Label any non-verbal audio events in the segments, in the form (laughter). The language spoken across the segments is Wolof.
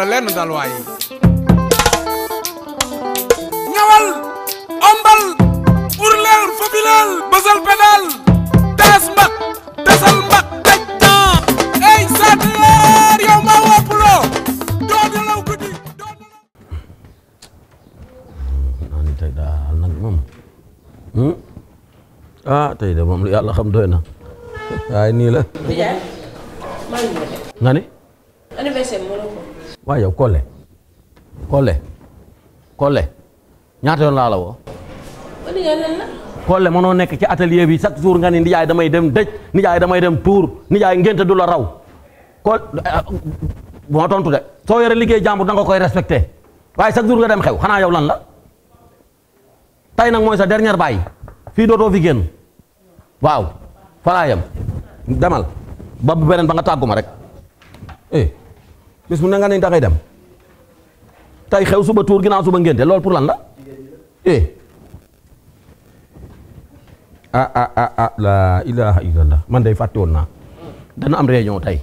la lenn dal waay ñawal ombal urleel fabileel bësal pedal taas mbak tasal mbak daj naa ey saateer yow maa woppuloo doo nelaw guddi doo naa hmm? ah, (laughs) ni anniversaire moo koole ko. koole yow ñaata yoon laa la woo. wala yow nekk ci atelier bi chaque jour nga ni nijaay damay dem dëj nijaay damay dem tuur nijaay ngénte du la raw Kole eh, moo tontu de soo yore liggéey jàmbur da nga koy respecté waaye chaque jour nga dem xew xanaa yow lan la tey nag mooy sa dernière baay fii dootoo fi génn waaw falaa demal ba bu beneen ba nga tàgguma rek eh. bis bu ne nga ne dangay dem tey xew suba tuur ginnaaw suba ngénte lol pour lan la eh a a a a la ilaha illallah man day fàtte woon na dana am réunion tey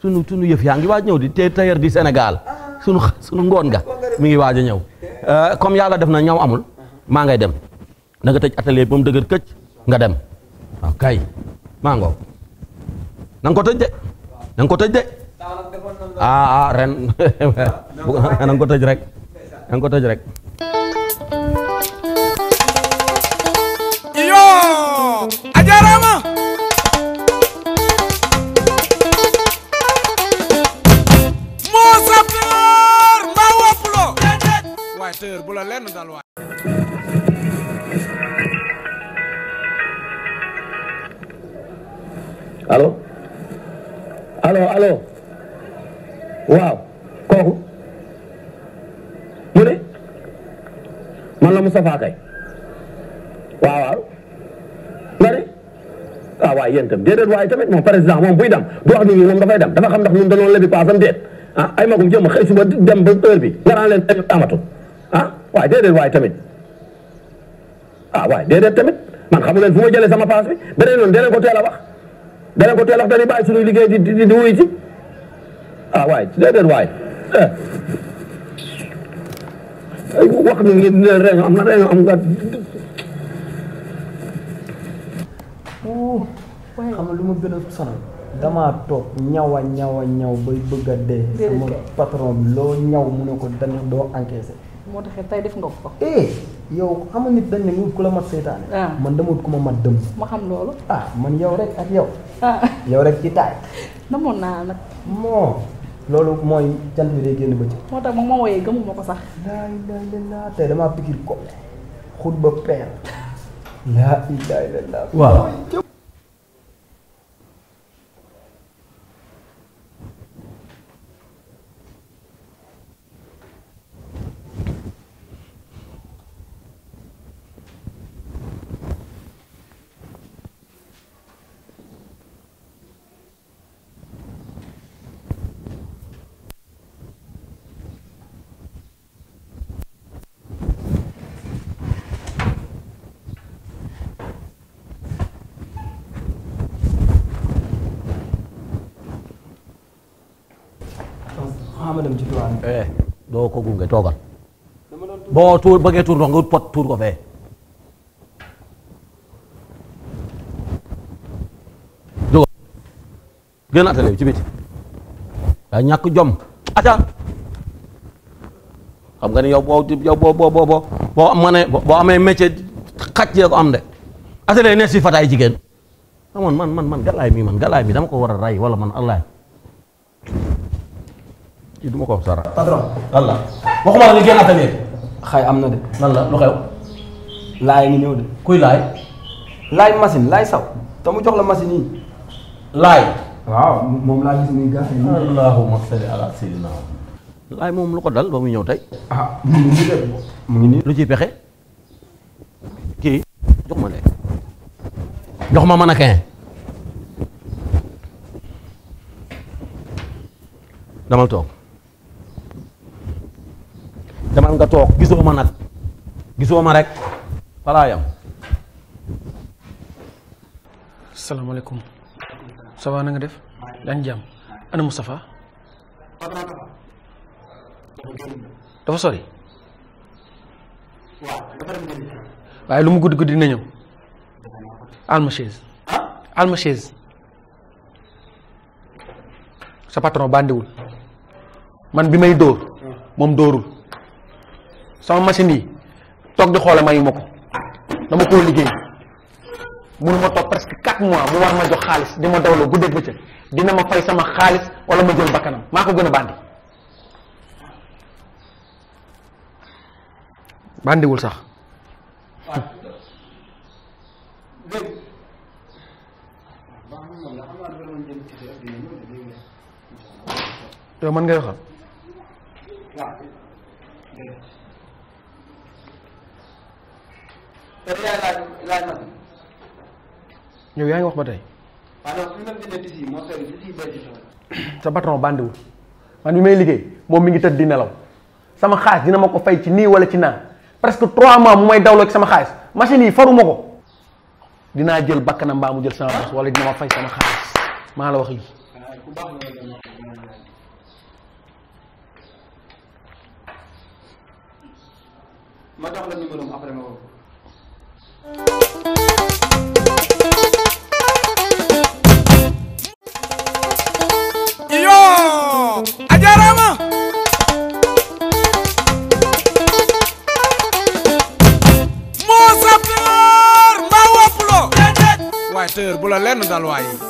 sunu sunu yef yaa ngi waaj di te di Sénégal sunu sunu ngoon nga mi ngi waaj a ñëw comme def na ñaw amul ma ngay dem na nga tëj atelier ba mu dëgër këcc nga dem waaw kay maa ngoog na nga ko tëj de ko de ah ah ren (laughs) bukan nang kota jerek nang kota jerek iyo ajarama mosaptor bawa pulo waay teur bu la lenn Halo, halo, halo. waaw kooku mu ne man la Moustapha Kay waaw waaw nga ne ah waaye yéen itam déedéet waaye tamit moom président buy dem doox wax nit dafay dem dafa xam ndax ñun dañoo lebi paasam déet ah ay magum jëm xëy suba dem ba heure bi nga leen leen amatu ah waaye déedéet waay tamit ah waaye tamit man xamu leen fu ma jëlee sama paas bi beneen yoon danañ ko teel a wax danañ ko teel a wax dañuy bàyyi suñuy liggéey di di di wuyu ci. ah waay déedéet waay wax ni ngeen ne am na réunion am nga xam lu ma gën sonal damaa toog ñawa ñawa ñaw bay bëgg a sama patron lo ñaw mu ne ko dañ doo encaissé moo taxee tey def nga ko eh yow xam nit dañ ne wut ku mat seytaane man ma mat dëm ma xam ah man ah, yow rek ak ah. yow yow rek ci taay loolu mooy jant bi day génn bëccëg. moo tax ma moo wooyee gëmuma ko sax. laa ilaaha illallaah tey damaa pikir ko xut ba peer laa ilaaha illallaah waaw. dem ci diwaan bi. Eh, doo ko gunge toogal. boo tuur bëggee tuur ndox wut pot tuur ko fee. jógal gën a atale ci biti. ñàkk jom. ata xam nga ni yow boo yow boo boo boo amee métier xaj yee ko am de. atale ne si fataay jigéen. amoon ah, man man man galaay mi man galaay mi dama ko war a ray wala man allah. duma ko ma ko wax dara. la waxuma la ñu génn xay am na de. lan lu xew. laay ngi ñëw de. kuy laay. laay machine laay saw. te mu jox la machine yi. laay. waaw moom laa lu ko dal ba muy ñëw tey. Ah, mu ngi nii lu ciy pexe kii jox ma lee jox ma mën a kañ. damal toog. demal nga tok gisoo ma nag gisoo ma rek falaa yam salaamaaleykum ça va na nga def yaa jam ana mustafa dafa sori waaye lu mu guddi guddi dina ñëw alma chaise alma chaise sa patron bandiwul man bi may dóor mom dóorul sama machine yi toog di xoole mayu ma ko dama koo liggéey mënu ma toog presque quatre mois mu war ma jox xaalis di ma dawloo guddeeg bëccëg dina ma fay sama xaalis wala ma jël bakkanam maa ko gën a bandi sax yow man ngay waxal sariya laaj wax ba tey sa patron bandiwul man bi may liggéey moom mi ngi tëdd di nelaw (clears throat) sama xaalis dina ma ko fay ci nii wala ci naa presque trois mois mu may dawloo ci sama xaalis machine yi faruma ko dinaa jël sama bos wala dina ma fay sama xaalis maa la wax ma jox la numéro après ma sœur bu la lenn dal waaye